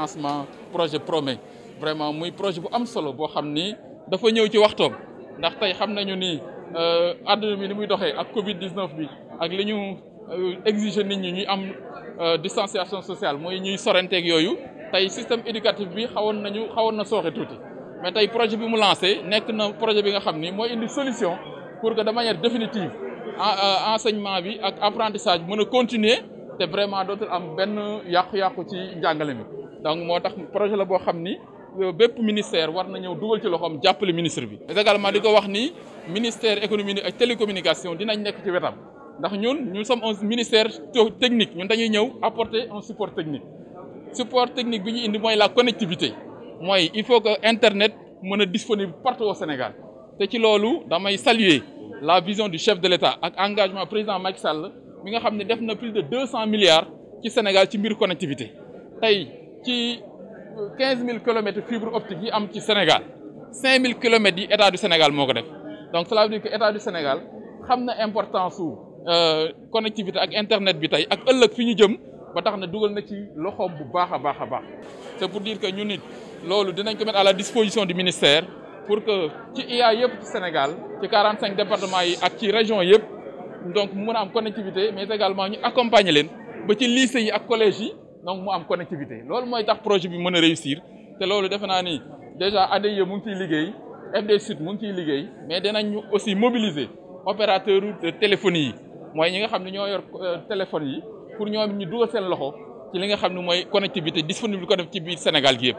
lancement projet promet vraiment muy projet bu am solo bo xamni dafa ñew ci waxtoom ndax tay xamnañu ni euh àdduna bi ni muy doxé ak Covid 19 bi ak liñu euh, exiger nit ñi ñuy am euh, distanciation sociale moy ñuy ak yoyu tay système éducatif bi xawon nañu xawon na soxé tuuti mais tay projet bi mu lancé nek na projet bi nga xamni moy indi solution pour que de manière définitive euh, enseignement bi ak apprentissage mëna continuer te vraiment dootul am benn yàqu-yàqu ci njàngale mi donc je tax projet la boo xam ni ministère war na ñëw dugal ci loxom jappalé ministre bi. également diko wax ni ministère économie et télécommunication dinañ nekk ci wétam ndax ñun sommes un ministère technique ñun dañuy apporter un support technique support technique bi ñu la connectivité il faut que internet soit disponible partout au Sénégal té ci que damay saluer la vision du chef de l'État ak du président Macky Sall mi nga xamni def na plus de 200 milliards ci Sénégal ci mbir connectivité qui 15 000 km de fibre optique qui au Sénégal. 5 000 km dans l'État du Sénégal. Donc cela veut dire que l'État du Sénégal a une importance de la connectivité avec Internet et de la connectivité de l'État. C'est pour dire que nous, nous devons mettre à la disposition du ministère pour que l'IA du Sénégal, les 45 départements et les régions, nous devons avoir la connectivité, mais également nous accompagner les lycées et les collèges donc mu am connectivité loolu moy tax projet bi mën réussir té loolu defe naa ni déjà ADIE mu ngi ciy liggéey FDSud mu ngi ciy liggéey mais dénañ ñu aussi mobiliser opérateur de téléphonie moy mooy ñi nga xam ne yor euh, téléphone yi pour ñoom ñu duggal sen loxo ci li nga xamni moy connectivité disponible ko def ci biir Sénégal gi yépp